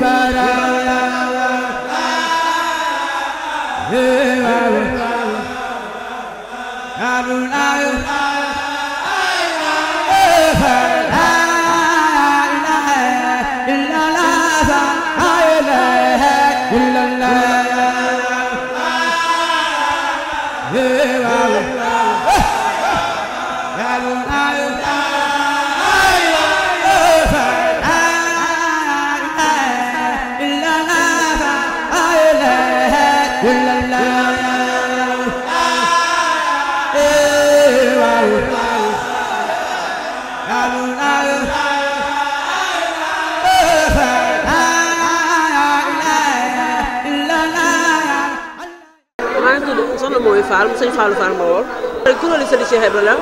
Hey, Fall mu sëñ Fallou Fall Mbawor. kuréelu sëti Cheikh Ibra la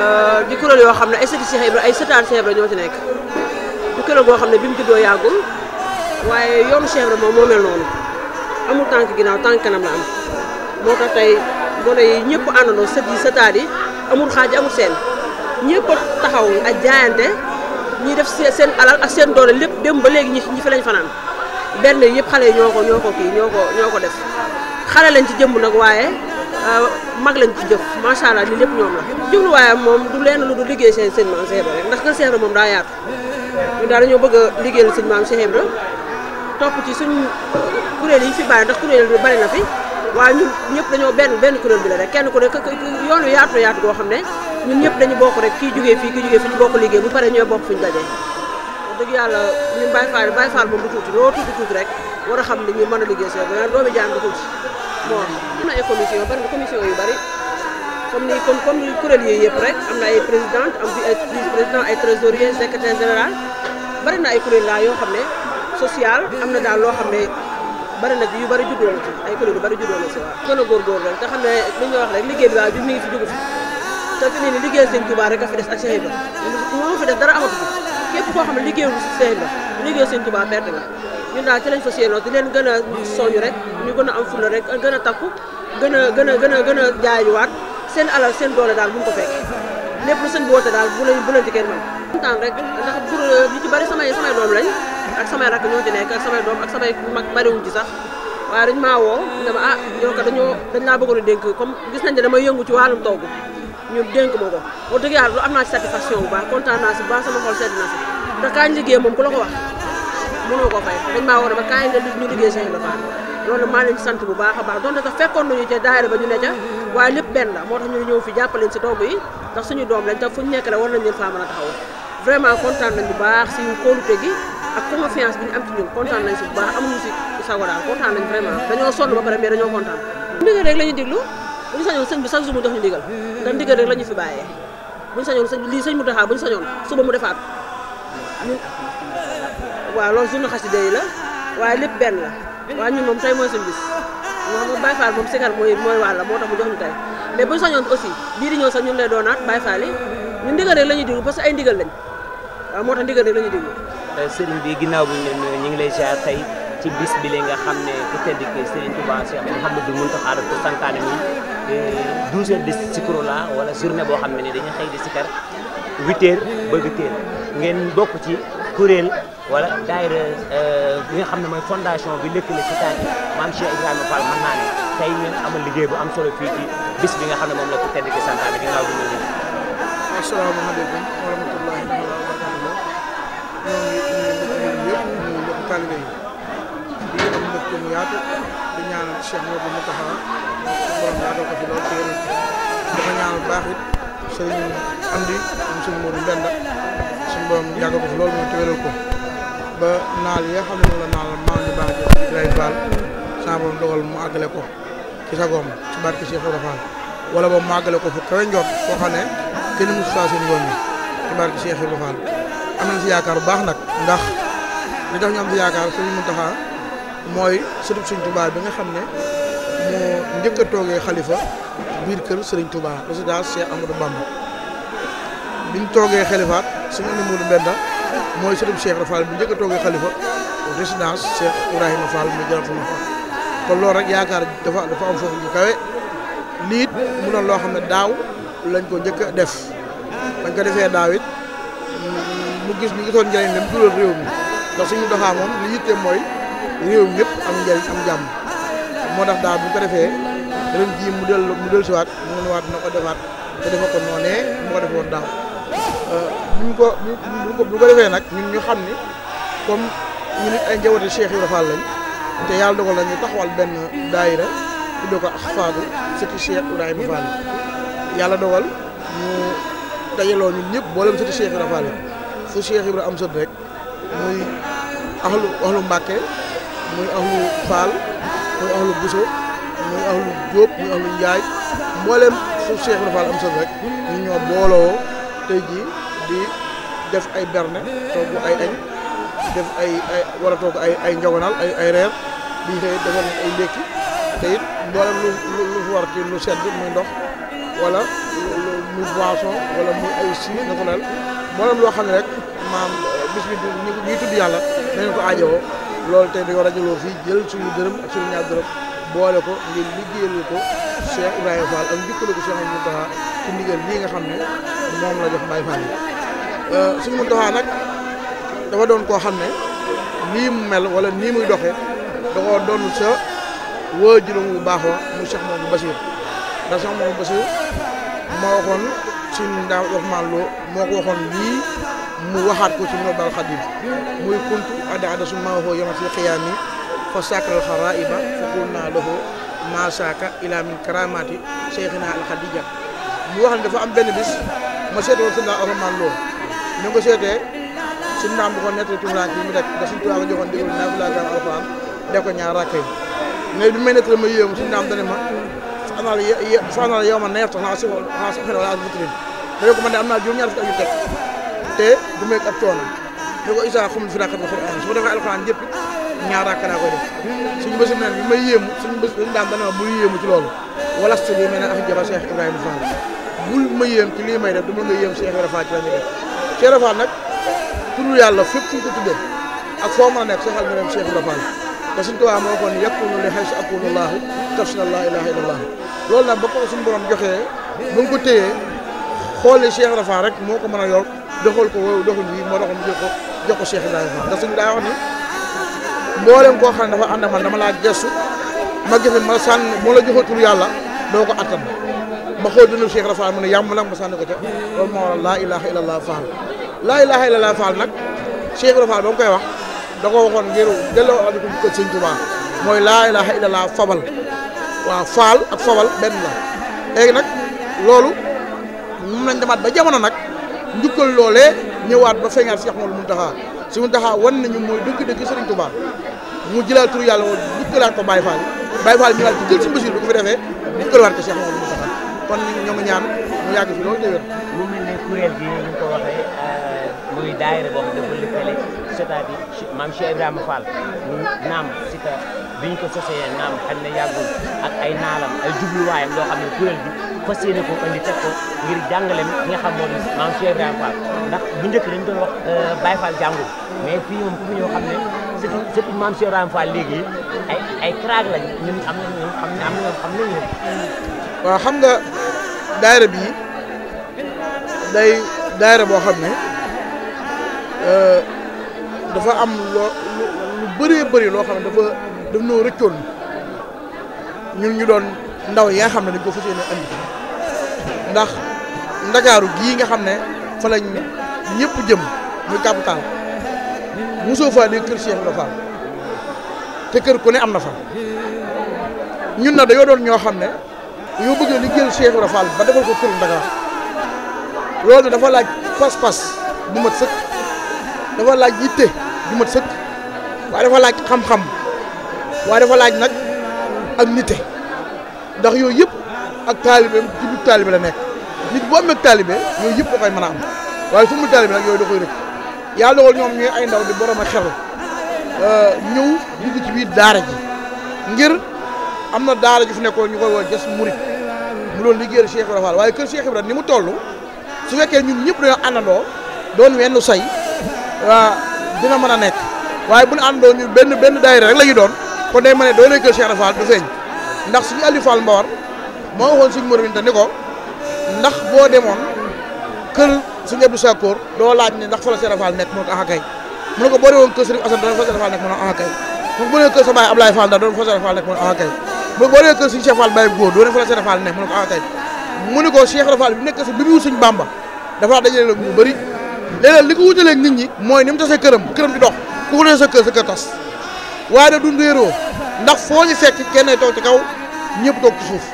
euh, di kuréel yoo xam ne ay sëti Cheikh Ibra ay sëtaan Cheikh Ibra ñoo ci nekk di kuréel goo xam ne bi mu juddoo yàggul waaye yoonu Cheikh Ibra moom moo mel noonu amul tànk ginnaaw tànk kanam la am moo tax tey gone yi ñëpp àndandoo sët yi sëtaat yi amul xaaj amul seen ñëpp taxaw ak jaayante ñi def seen alal ak seen doole lépp dem ba léegi ñi fi lañ fanaan benn yëpp xale yi ñoo ko ñoo xale lañ ci jëmm nag waaye euh, mag lañ ci jëf macha allah li lépp ñoom la jubluwaayam moom du leen lu du liggéey seen seen maam Cheikh Ibra rek ndax kër Cheikh Ibra moom daa yaatu ñu daal dañoo bëgg a liggéeyal seen maam Cheikh Ibra topp ci suñ kuréel yi fi bari ndax kuréel bi bari na fi waaye ñun ñëpp dañoo benn benn kuréel bi la rek kenn ku nekk yoonu yaatu yaatu goo xam ne ñun ñëpp dañu bokk rek kii jógee fii kii jógee fii ñu bokk liggéey bu pare ñooy bokk fuñu dajee dëgg yàlla ñun Baye Fall Baye Fall moom du tuuti rek war a xam li ñuy mën a liggéey seen beneen doomi jàng ko ci moo am na ay commission bari na commission yu bari comme ni comme comme kuréel yooyu yëpp rek na ay ay vice président ay trésorier secrétaire général bari na ay kuréel laa yoo xam ne social am na daal loo xam ne bari na yu bari juddoo na yu bari juddoo na ci waaw gën a góorgóorlu rek te xam ne li ñu wax rek liggéey bi waaw bi mi ngi fi jugu fi te nii ni liggéey sëñ Touba rek a fi des ak Cheikh Ibra moo fi des dara amatu fi képp koo xam ne liggéeyul si Cheikh Ibra liggéey sëñ Touba perte nga ñun daal ci lañ fas yéenoo di leen gën a soñu rek ñu gën a am fulla rek gën a takku gën a gën a gën a gën a jaayuwaat seen alal seen doole daal bu mu ko fekk lépp lu seen woote daal bu leen bu leen ci kenn mën kontaan rek ndax pour euh, ñu ci bari samay samay doom lañ ak samay rakk ñoo ci nekk ak samay doom ak samay mag bariwuñ ci sax waaye dañ maa woo ne ma ah yow kat dañoo dañ laa bëggoon a dénk comme gis nañ ne damay yëngu ci wàllum togg ñu dénk ma ko wax dëgg yàlla lu am naa ci satisfaction bu baax kontaan naa si baax sama xol sedd na si ndax kaañ liggéey moom ku la ko wax mënoo ko fay dañ maa war a ba kaay nga ñu liggéey Sëñ Ibra Fall loolu maa leen sant bu baax a baax donte sax fekkoon nañu ca daayira ba ñu ne ca waaye lépp benn la moo tax ñu ñëw fi jàppaleen si ñu nekk la war a ak confiance bi ñu am ci ñun kontaan nañ si bu baax amuñu si sago daal kontaan nañ vraiment dañoo sonn ba pare mais dañoo kontaan ndigal rek diglu bu sañoon sëñ bi chaque jour mu jox ñu ndigal ndax ndigal rek fi bàyyee bu waaw loolu suñu xasida yi la waaye lépp benn la waaye ñun moom tey mooy suñu bis moom Baye Fall moom sikar mooy mooy wàlla moo tax mu jox ñu tey mais bu sañoon aussi bii di ñëw sax ñun lay doonaat la ñuy déglu parce que ay ndigal lañ waaw moo tax ndigal rek la ñuy déglu euh, sëriñ bi ginnaaw bu ñu leen ñu ngi lay ziar tey ci bis bi li nga xam ne ku tedd ki Sëriñ Tuubaa Cheikh Mouhamadou Mountakha daf ko santaane moom euh, 12 wala journée boo xam ne dañuy xëy di sikar 8 heures bëgg teel ngeen bokk ci kuréel wala daayira euh, bi nga xam ne mooy fondation bi lëkkale ci taal maam Cheikh Ibrahima Fall mën naa ne tey ngeen amal liggéey bu am solo fii ci bis bi nga xam ne moom la ko tedd ki santaane ginnaaw bi ñu ngi. asalaamaaleykum wa rahmatullahi wa barakatuh. ñooñu ñëpp ñu ngi bokk taalibe yi di am mbokk mu yaatu di ñaanal Cheikh Modou Moustapha borom yaatoo ko fi lool ci yéen dafa ñaanal baax it borom yàggal ko ko ba naal yi nga xam ne moom la naal maam ñu baax ci lay baal saa borom dogal mu àggale ko ci sagoom ci wala boobu mu ko fu kawe njot koo mu saa seen yoon yi ci am nañ si yaakaar bu baax nag ndax li tax ñu am si yaakaar suñu Muntaxa mooy sëtub Sëriñ Tuubaa bi nga xam ne moo njëkk a xalifa biir kër Sëriñ Tuubaa résidence Cheikh Amadou Bamba biñ toogee xalifaat sëñ Aliou Modou Mbenda mooy sëriñ Cheikh Ibra Fall bu njëkk a toogee xalifa résidence Cheikh Ibrahima Fall mu jërëjëf ma kon loolu rek yaakaar dafa dafa am foofu ñu kawe lii it mu doon loo xam ne daaw lañ ko njëkk a def dañ ko defee daaw it mu gis ñu gisoon njëriñ li mu jural réew mi ndax suñu doxaa moom li yitte mooy réew mi yëpp am njëriñ am jàmm moo tax daaw bu ko defee ren jii mu dellu mu dellusiwaat mu ngi waat na ko defaat te dafa ko noonee moo ko defoon daaw. ñu ko bu ko defee nag ñun ñu xam ni comme ñu nit ay njabootu Cheikh Ibra Fall lañ te yàlla dogal na ñu taxawal benn daayira tudd ko yàlla dogal ñu dajaloo ñun ñëpp boolem sëti Cheikh Ibra fu Cheikh Ibra am sët rek muy ahlu ahlu Mbàkke muy ahlu Fall Jóob muy ahlu Njaay mboolem fu Cheikh am sët rek ñu ñoo booloo tey jii di def ay berne togg ay añ def ay ay wala togg ay ay njogonaal ay ay reer di xëy defar ay ndékki te mboolem lu lu lu war ci lu sedd muy ndox wala muy boisson wala muy ay si naturel mboolem loo xam ne rek maam bis bi tudd yàlla nañu ko aajowoo loolu tey dañoo rajaloo fii jël suñu dërëm suñu ñaar dërëm boole ko ngir liggéeyal ko. Cheikh Ibrahima Fall la jox Baye Fall yi euh, suñu nag dafa doon koo xam ne nii mu mel wala nii muy doxee da koo doon sa waajuram mu Cheikh Mouhamadou Bachir ndax Cheikh Mouhamadou Bachir moo waxoon suñu daaw waxmaan loo moo ko waxoon lii mu waxaat ko ci Minanul Xadim muy kuntu ada ada su ma waxoo yama fi xiyaam yi fa sàkkal xaraa iba fa kuul naa loxo maasaka ila min karamati cheikhina alxadija mu wax ne dafa am benn bis ma seete woon sëñ Ousmane Lo ñu nga seetee suñu naam bi ko nettali tumuraan bi mu def da suñu a joxoon digal naa fi laa jàng alxuraan def ko ñaar rakk yi mais bi may ma yéemu suñu naam ma anal fanal yow ma naa si naa si xel wala ak vitrine ko man de am naa ñaar fukki at te du meeg ab coono ko isa xamul fi naa kat alxuraan su ma alxuraan yëpp ñaar a daa koy def suñu bés bu naan bi may yéemu suñu bés dañu daan a bul yéemu ci loolu wala su lii bul ma yéem ci lii may ma nga yéem Cheikh a Fall ci la ñuy def Cheikh Ibrahima Fall nag tudd yàlla fépp fu ñu ak foo mën a nekk soxal nga dem Cheikh Ibrahima Fall te suñu tubaab moo ko ni yàqulu li xay si aqulu laahu tafsir laa ilaha illa allah loolu nag ba ko suñu borom joxee ba nga ko xool li Cheikh Ibrahima rek moo ko mën a yor doxal ko woowu doxul bii moo taxoon mu mboolem koo xam ne dafa ànd dama laa gestu ma gis ma sànni moo ko attan ma xool dund Cheikh Rafaal mu ne yàmm nag ma sànni ko ca loolu laa ilaha illallah faal laa faal nag Cheikh Rafaal ba mu koy wax da ko waxoon ngir delloo ak ko sëñ Tuubaa mooy laa ilaha illallah fabal waaw faal ak fabal benn la léegi nag loolu mun nañ ba jamono nag njukkal loolee ñëwaat ba feeñaat Cheikh Mouhamadou Mountakha si Mountakha wan nañu mooy dëgg-dëgg Sëriñ Tuubaa mu jëlaat tur yàlla moom duggalaat ko Baye Fall Baye Fall ñu si Basiru bu ko defee duggalaat ko Cheikh Mamadou Moustapha kon ñoo ngi ñaan mu yàgg fi loolu déwén. mu mel ne kuréel gi ni ko waxee euh, muy daayira boo xam dafa lëkkale c'est-à-dire maam Cheikh Ibrahima Fall naam si ka bi ko sosee naam xam ne yàggul ak ay naalam ay jubluwaayam loo xam ne kuréel bi fas yéene ko indi teg ngir jàngale mi nga xam moom maam Cheikh a Fall ndax bu njëkk dañu doon wax euh, Baye Fall jàngul fii moom ku fi ñoo xam ne. sëtu sëtu maam Cheikh Ibrahima Fall léegi ay ay craag lañ ñun am nañu xam ne am nañu xam nañu waaw xam nga daayira bi day daayira boo xam ne euh, dafa am loo lu bëree bëri loo xam ne dafa daf noo rëccoon ñun ñu doon ndaw yi nga xam ne dañ ko fas yéene andi ndax ndakaaru gii nga xam ne fa ñëpp jëm muy capital mosoo faa ne kër Cheikh la Fall te kër ku ne am na fa ñun na dañoo doon ñoo xam ne yoo bëgg liggéeyal Cheikh la Fall ba defal ko kër Ndakaaru loolu dafa laaj pas-pas bu mat sëkk dafa laaj yitte bu mat sëkk waaye dafa laaj xam-xam waaye dafa laaj nag ak nite ndax yooyu yëpp ak taalibe ci biir taalibe la nekk nit boo amee taalibe yooyu yëpp da koy mën a am waaye su mu taalibe nag yooyu da koy yàlla dogal ñoom ñuy ay ndaw di borom a xelu euh, ñëw dugg ci biir daara ji ngir am na daara ju fi nekkoon ñu koy woo jës murit mu doon liggéeyal Cheikh Ibrahima Fall waaye kër Cheikh Ibrahima ni mu toll su fekkee ñun ñëpp dañoo àndandoo doon wenn say dina mën a nekk waaye bu ñu àndandoo ñu benn benn daayira rek la ñu doon kon day ma ne doole kër Cheikh Ibrahima Fall du feeñ ndax suñu Aliou Fall Mbawar moo waxoon suñu mërëminta ni ko ndax boo demoon kër. suñu Abdou Sakor doo laaj ne ndax fa la Cheikh Fall nekk mu ne ko ah kay mu ne ko boo demoon kër Serigne Assane dana fa Cheikh Fall nekk mu ne ko ah kay mu ne ko boo demoon kër sa baay Ablaye Fall dana fa Cheikh Fall nekk mu ne ko ah kay mu ne ko boo demoon kër suñu Cheikh Fall Baye Góor doo ne fa la Cheikh Fall nekk mu ne ko ah kay mu ne ko Cheikh Fall bi nekk si bi mu wut suñ Bamba dafa dajale la bu bëri léeg-léeg li ko wutalee nit ñi mooy ni mu tasee këram këram di dox ku wutee sa kër sa kër tas waaye da du réeroo ndax foo ñu fekk kenn ay toog ci kaw ñëpp toog ci suuf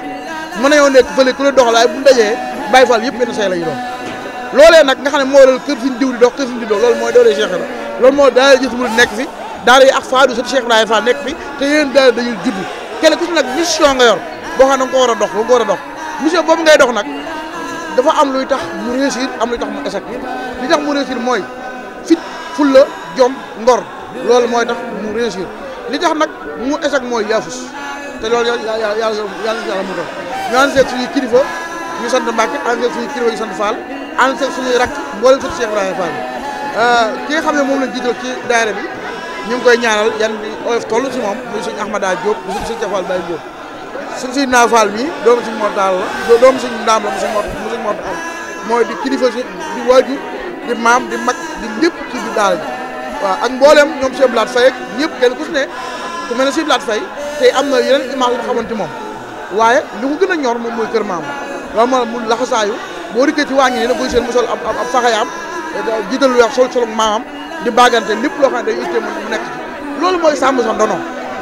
mën nañoo nekk fële ku la doxalaay bu ñu dajee Baye Fall yëpp benn say la ñu doon loolee nag nga xam ne moo waral kër suñ diw di dox kër suñ diw dox mooy doole Cheikh Ibra loolu moo daal gis mu nekk fi daara yi ak faadu sëñ Cheikh Ibrahima Fall nekk fi te yéen daal dañuy kenn ku ci nag mission nga yor boo xam ne da nga ko a dox mission boobu ngay dox nag dafa am luy tax mu réussir am luy tax mu échec li tax mu réussir mooy fit fulla jom ngor loolu mooy tax mu réussir li tax nag mu échec mooy yaafus te loolu yàlla yàlla yàlla yàlla mu doon ñu ànd seeg suñuy kilifa ñu sant Mbàkke ànd seeg suñuy kilifa ñu sant Fall ànd sa suñuy rakk mboolem sa Cheikh Ibrahima Fall euh, ki nga xam ne moom lañ jiital ci daayira bi ñu ngi koy ñaanal yan bi oyof toll si moom muy suñu Ahmada Diop suñu suñu Cafal Baye Diop suñu suñu Naa Fall mi doomu suñu mortal la doomu suñu mooy di kilifa di waajur di maam di mag di lépp ci biir daara ji waaw ak mboolem ñoom Cheikh Blaat Faye ak ñëpp kenn ku si ne ku mel ne Cheikh Blaat Faye tey am na yeneen imaam yu xamante moom waaye li ko gën a ñor moom mooy kër maam loolu moo mu laxasaayu boo dikkee ci wàññi yi nag buy seen mu sol ab ab faxayaam jiital lu weex sol solum maamam di baagante lépp loo loolu mooy sàmm sa ndono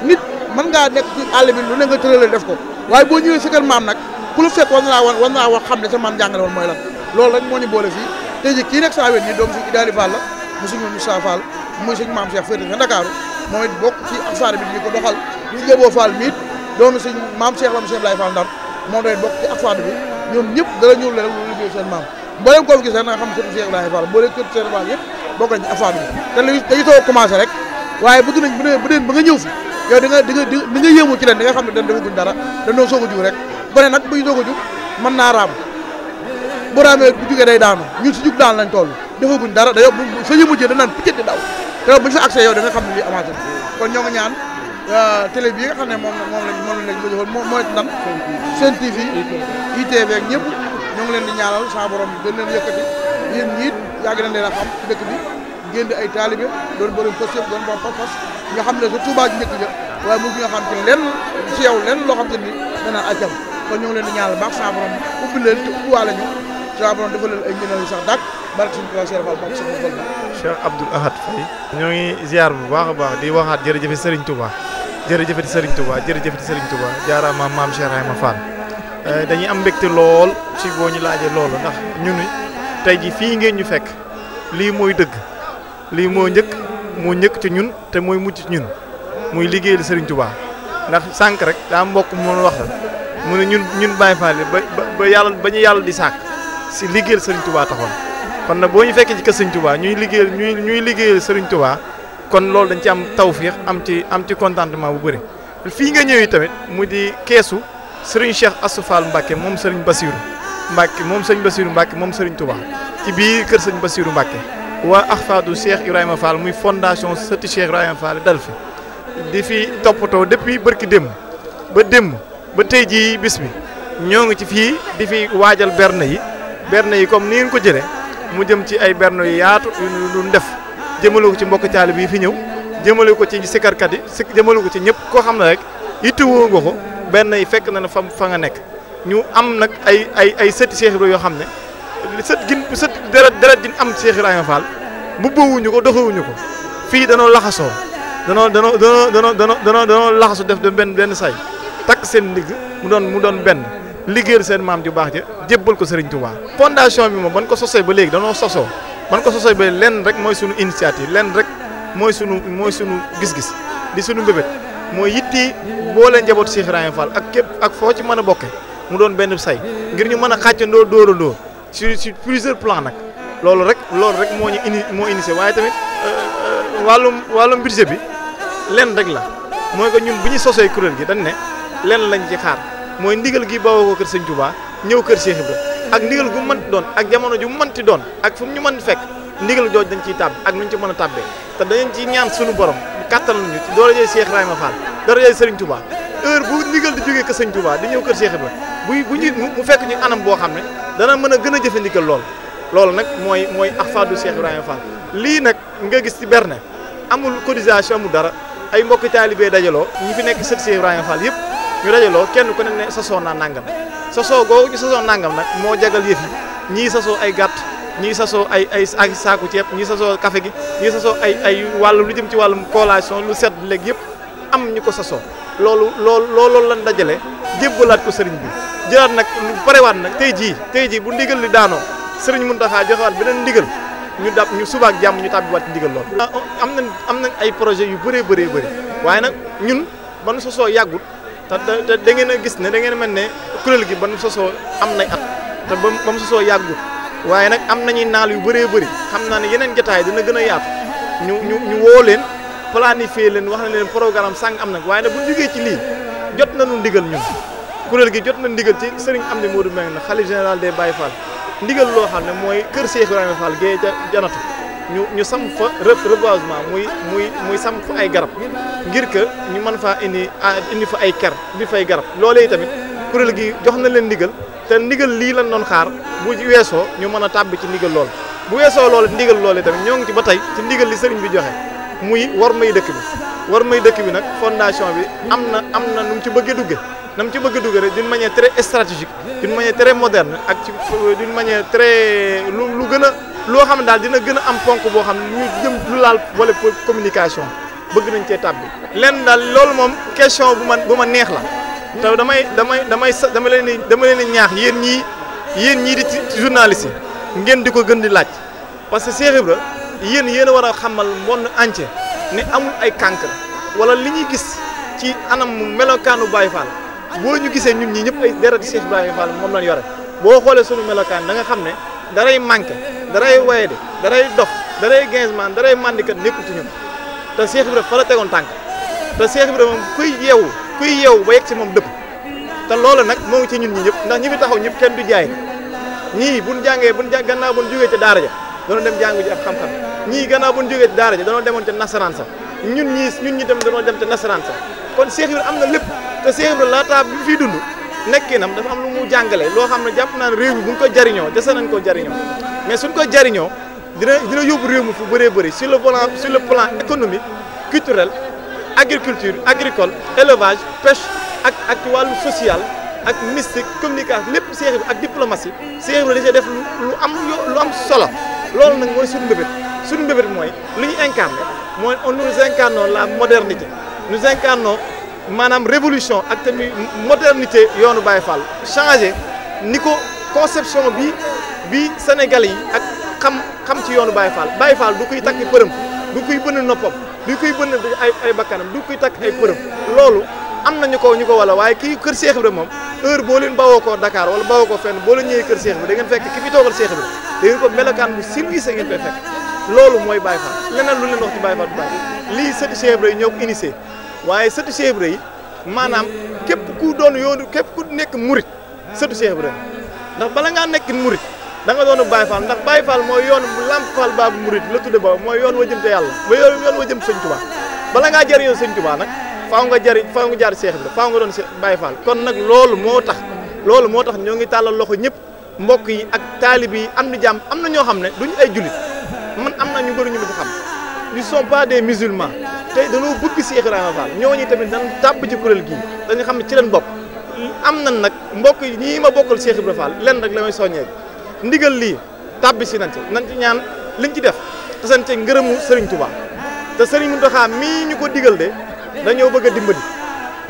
nit mën ngaa nekk ci bi lu ne nga tëralee def ko waaye boo ñëwee sa kër maam nag ku fekk war naa wax xam ne sa maam jàngale woon mooy lan loolu rek moo ñu boole fii tey jii kii nekk saa wet nii doom suñu Idaali Fall la mu suñu Moussa Fall muy suñu maam Cheikh féete fa Ndakaaru moom it bokk ci aksaar bi di ko doxal maam Cheikh lam Cheikh Laye ñoom ñëpp dara ñuul la rek lu liggéey seen maam mbooleem koo fi gis rek na nga xam sëtu Cheikh Ibrahima Fall mbooleem sëtu Cheikh Ibrahima Fall yëpp bokk nañ ci affaire bi te dañu fi yow di jug rek gone nag bu ñu soog a jug mën naa raam bu raamee bu jugee day daanu ñun si jug daan lañ toll defaguñ dara da yow sa yëmu jee danaan piccet di daw te buñu fa accès yow da nga xam ne lii avancé kon ñoo ngi ñaan Euh, télé bi nga xam ne moom moom lañ moom lañ ko joxoon moom mooy ndam. Sen TV ITV ak ñëpp ñoo ngi leen di ñaanal sa bi gën leen yëkkati yéen ñiit yàgg nañ leen a xam ci dëkk bi ngeen ay taalibe doon doon ba fas nga xam ne sa Tuubaa ji njëkk ja waaye mu nga xam ci yow lenn loo xam te ni danaa acam kon ngi leen di ñaanal baax sa borom ubbi leen te ubbiwaale ñu sa borom dafa leen ay ngënal yu sax dàkk barke suñu Tuubaa Cheikh Fall bokk suñu Cheikh Abdoul Ahad Faye ñoo ngi ziar bu baax a baax di waxaat jërëjëf Serigne Touba jërëjëfati Serigne Touba jërëjëfati Serigne Touba jaaraama maam Cheikh Rahma Fall eh, dañuy am mbégte lool ci boo ñu laajee loolu ndax ñun tey ji fii ngeen ñu fekk lii mooy dëgg lii moo njëkk moo njëkk ci ñun te mooy mujj ci ñun muy liggéeyal sëriñ Touba ndax sànq rek daa mbokk mu wax la mu ne ñun ñun Baye Fall ba ba yàlla ba ñu yàlla di sàkk si liggéeyal Serigne Touba taxoon kon boo ñu fekkee ci kër Serigne Touba ñuy liggéeyal ñuy ñuy liggéeyal Serigne Touba. kon loolu dañ ci am tawféex am ci am ci contentement bu bëri fii nga ñëwee tamit mu di keesu Serigne Cheikh Assou Fall Mbacke moom Serigne Bassirou Mbacke moom Serigne Bassirou Mbacke moom Serigne Touba ci biir kër Serigne Bassirou Mbacke waa Ahfadu Cheikh Ibrahima Fall muy fondation sëti Cheikh Ibrahima Fall dal fi di fi toppatoo depuis bërki démb ba démb ba tey jii bis bi ñoo ngi ci fii di fi waajal berne yi berne yi comme ni ngeen ko jëlee mu jëm ci ay berne yu yaatu yu ñu def. jëmale ko ci mbokk taalib yi fi ñëw jëmale ko ci sikarkat yi si jëmale ko ci ñëpp koo xam ne rek ittiwoo nga ko benn yi fekk na ne fa fa nga nekk ñu am nag ay ay ay sëti Cheikh yoo xam ne sët gin sët deret deret gin am Cheikh Ibrahima Fall mbubbawuñu ko doxawuñu ko fii danoo laxasoo danoo danoo danoo danoo danoo danoo laxasu def de benn benn say takk seen ndigg mu doon mu doon benn liggéeyal seen maam ju baax ja jébbal ko Serigne Touba fondation bi moom ban ko sosee ba léegi danoo sosoo man ko sosay bay lenn rek mooy sunu initiative lenn rek mooy sunu mooy sunu gis-gis di sunu mbébét mooy yitti boole njaboot Cheikh Ibrahima Fall ak képp ak foo ci mën a bokke mu doon benn say ngir ñu mën a xàccandoo dóorandoo sur sur plusieurs plans nag loolu rek loolu rek moo ñu ini moo initié waaye tamit euh, euh, wàllum wàllum budget bi lenn rek la mooy que ñun bi ñu sosee kuréel gi dañ ne lenn lañ ci xaar mooy ndigal gi bawoo ko kër Sëñ Touba ñëw kër Cheikh ak ndigal gu mënti doon ak jamono ju mënti doon ak fu mu ñu mën fekk ndigal jooj dañ ciy tàbbi ak nuñ ci mën a tàbbee te dañu ci ñaan suñu borom kàttan nañu ci doolejey Cheikh Ibrahima Fall doolejey Serigne Touba heure bu ndigal di jógee kër Serigne Touba di ñëw kër Cheikh Ibrahima buy bu ñu mu fekk ñu anam boo xam ne dana mën a gën a jëfe ndigal lool loolu nag mooy mooy ahfadu Cheikh Ibrahima Fall lii nag nga gis ci berne amul cotisation amul dara ay mbokk taalibee dajaloo ñu nekk sët Cheikh Ibrahima yëpp ñu dajaloo kenn ku ne ne sasoo naa nangam sasoo googu ñu sasoo nangam nag moo jagal yëf yi ñii sasoo ay gàtt ñii sasoo ay ay ak saaku ceeb ñii sasoo kafe gi ñii sasoo ay ay wàllu lu jëm ci wàllum collation lu set léegi yëpp am ñu ko sasoo loolu loolu loolu lan dajale jébbalaat ko sëriñ bi jëlaat nag lu parewaat nag tey jii tey jii bu ndigal li daanoo sëriñ Mountakha joxewaat beneen ndigal ñu dab ñu subaak jàmm ñu tàbbiwaat ndigal lool ah, oh, am na am na ay projet yu bëree bëree bëri waaye nag ñun ban sosoo yàggut te da ngeen a gis ne da ngeen mel ne kuréel gi ba mu sosoo am nay at te ba ba mu sosoo yàggul waaye nag am nañuy naal yu bëree bëri xam naa ne yeneen jotaay dana gën a yaatu ñu ñu ñu woo leen planifier leen wax na leen programme sàng am nag waaye nag bu ñu ci lii jot nañu ndigal ñun kuréel gi jot na ndigal ci sëriñ Amdi Modou Mbengue na xalif général des Baye Fall ndigal loo xam ne mooy kër Cheikh Ibrahima Fall gee janatu ñu ñu sam fa reboisement muy muy muy sam fa ay garab ngir kë ñu mën faa indi indi fa ay ker indi fay garab loolee tamit kuréel gi jox na leen ndigal te ndigal lii lañ doon xaar bu weesoo ñu mën a tàbbi ci ndigal lool bu weesoo loole ndigal loolu tamit ñoo ngi ci ba tey te ndigal li sëriñ bi joxe muy war may dëkk bi war may dëkk bi nag fondation bi am na am na nu mu ci bëggee dugge na mu ci bëgg a dugge rek d'une manière très stratégique d'une manière très moderne ak ci lu gën a loo xam ne daal dina gën a am ponk boo xam ne ñu jëm lu laal wala communication bëgg nañ cee tàbbi lenn daal loolu moom question bu ma bu ma neex la te damay damay damay dama leen dama leen ñaax yéen ñii yéen ñii di ci journaliste ngeen di ko gën di laaj parce que Cheikh Ibra yéen yéen a war a xamal monde entier ne amul ay cancre wala li ñuy gis ci anam melokaanu Baye Fall boo ñu gisee ñun ñii ñëpp ay deret Cheikh Ibrahima Fall moom lañ yore boo xoolee sunu melokaan da nga xam ne daray manqué daray wayde daray dof daray gainsement daray mandikat nekkul ci ñun te Cheikh Ibra par a tegoon tànk te Cheikh Ibra moom kuy yeewu kuy yeewu ba yegg ci moom dëpp te loolu nag moo ngi ci ñun ñi ñëpp ndax ñi fi taxaw ñëpp kenn du jaay ñii buñ jàngee buñ jàng gannaaw buñ jógee ci daara ja doona dem jàngu ji ak xam ñii gannaaw buñ jógee ci daara ja danoo demoon ca nasaraan sa ñun ñii ñun ñi dem danoo dem ca nasaraan sa kon Cheikh Ibra am na lépp te Cheikh Ibra laataa bi fiy dund nekkinam dafa am lu mu jàngale loo xam ne jàpp naa ne réew mi bu ñu ko jariñoo dese nañ ko jariñoo mais suñ ko jariñoo dina dina yóbbu réew mi fu bëree bëri si le plan sur le plan économique culturel agriculture agricole élevage pêche ak ak wàllu social ak mystique communication lépp Cheikh ak diplomatie Cheikh Ibra dafay def lu am lu am solo loolu nag mooy suñu mbébét suñu mbébét mooy lu ñu incarné mooy nous incarnons la modernité nous incarnons maanaam révolution ak tamit modernité yoonu Baye Fall changé ni ko conception bi bi Sénégalais yi ak xam xam ci yoonu Baye Fall Baye Fall du koy takk përëm du koy bënn noppam du koy bënn ay ay bakkanam du koy takk ay përëm loolu am na ñu ko ñu ko wala waaye kii kër Cheikh Ibra moom heure boo leen bawoo koo Dakar wala bawoo ko fenn boo leen ñëwee kër Cheikh Ibra da ngeen fekk ki fi toogal Cheikh Ibra da ngeen ko loolu mooy Baye Fall leneen lu leen wax ci Baye Fall lii sëti Cheikh Ibra yi ñoo waaye sëtu Cheikh Ibra maanaam képp ku doon yoonu képp ku nekk murit sëtu Cheikh Ibra ndax bala ngaa nekk murit da nga doon Baye Fall ndax Baye Fall mooy yoon Lamp Fall baabu murit la tudde ba mooy yoon wa jëm te yàlla ba yoon wa jëm sëñ Tuubaa bala ngaa jëriñoo sëñ Tuubaa nag faaw nga jëriñ faaw nga jaar Cheikh Ibra faaw nga doon Baye Fall kon nag loolu moo tax loolu moo tax ñoo ngi tàllal loxo ñëpp mbokk yi ak taalib yi am na jàmm am na ñoo xam ne duñu ay jullit man am na ñu bëri ñu fi xam ils sont pas des tey dañoo bëgg Cheikh Ibrahima Fall ñooñu tamit dañ tàbb ci kuréel gii dañu xam ne ci leen bopp am nan nag mbokk yi ñii ma bokkal Cheikh Ibrahima Fall leen rek la may soññee ndigal lii tàbbi si nañ ci nañ ci ñaan liñ ci def te sant ci ngërëmu Serigne Touba te Serigne Mountakha mii ñu ko digal de dañoo bëgg a dimbali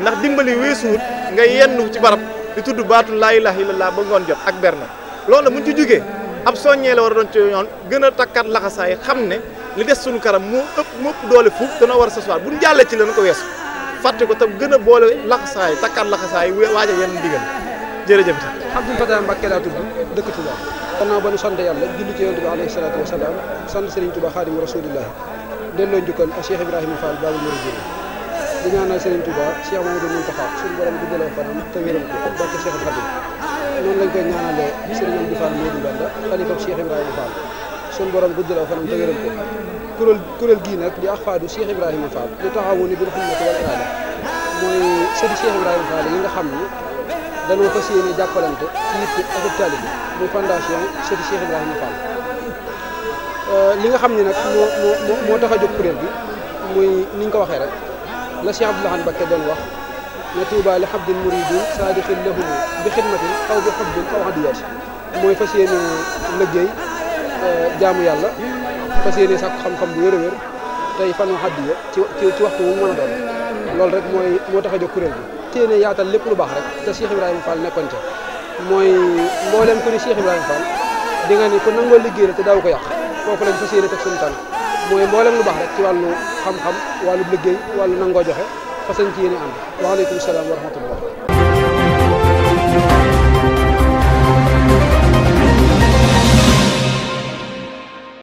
ndax dimbali weesuwut nga yenn ci barab di tudd baatu laa ilaaha illallaah ba ngoon jot ak berna loolu la buñ ci jógee ab soññee la war a doon ci yoon gën a takkaat laxasaay xam ne li des suñu karam moo ëpp moo ëpp doole fuuf dana war a saswaar buñ jàllee ci la na ko weesu fàtte ko tam gën a boole laxasaay takkaat laxasaay waaja yenn ndigal jërëjëf ta Abdou Fatah Mbacké laa tudd dëkk Touba gannaaw ba nu sant yàlla julli ci yonent bi alayhi salaatu wa a sant Serigne Touba Xaadimu Rasuulillaahi delloo njukkal ak Cheikh Ibrahima Fall Baabul Muriidiin di ñaanal Serigne Touba Cheikh Mamadou Mountakha suñu borom guddaloo noonu lañ koy ñaanalee sëriñ Amdi Fall Modou Mbenda kuréel gii nag di Ahfadu Cheikh Ibrahima Fall li taxawu ni bi nga yi nga xam ne dañoo fas yéene jàppalante ci yitte ak taalibe euh, li nga xam ne nag moo moo moo tax a jóg kuréel bi muy ni ñu ko waxee rek la Cheikh Abdoul Ahad Mbacké doon wax ne Touba li xabdin muridin saadixin lahum bi mooy fas liggéey eh, jaamu yàlla fas yéene sàkk xam-xam bu wér a wér tey fanu ci ci waxtu wu mu loolu rek mooy moo tax a kuréel bi yaatal lépp lu baax rek te Cheikh Ibrahima mooy mboolem ku ni Cheikh Ibrahima Fall di nga ni ku nangoo liggéey la te daaw ko yàq foofu lañ fas yéene teg suñu mooy mboolem lu baax rek ci wàllu xam-xam wàllu liggéey wàllu nangoo joxe fasañ ci yéen a ànd waaleykum salaam wa rahmatullah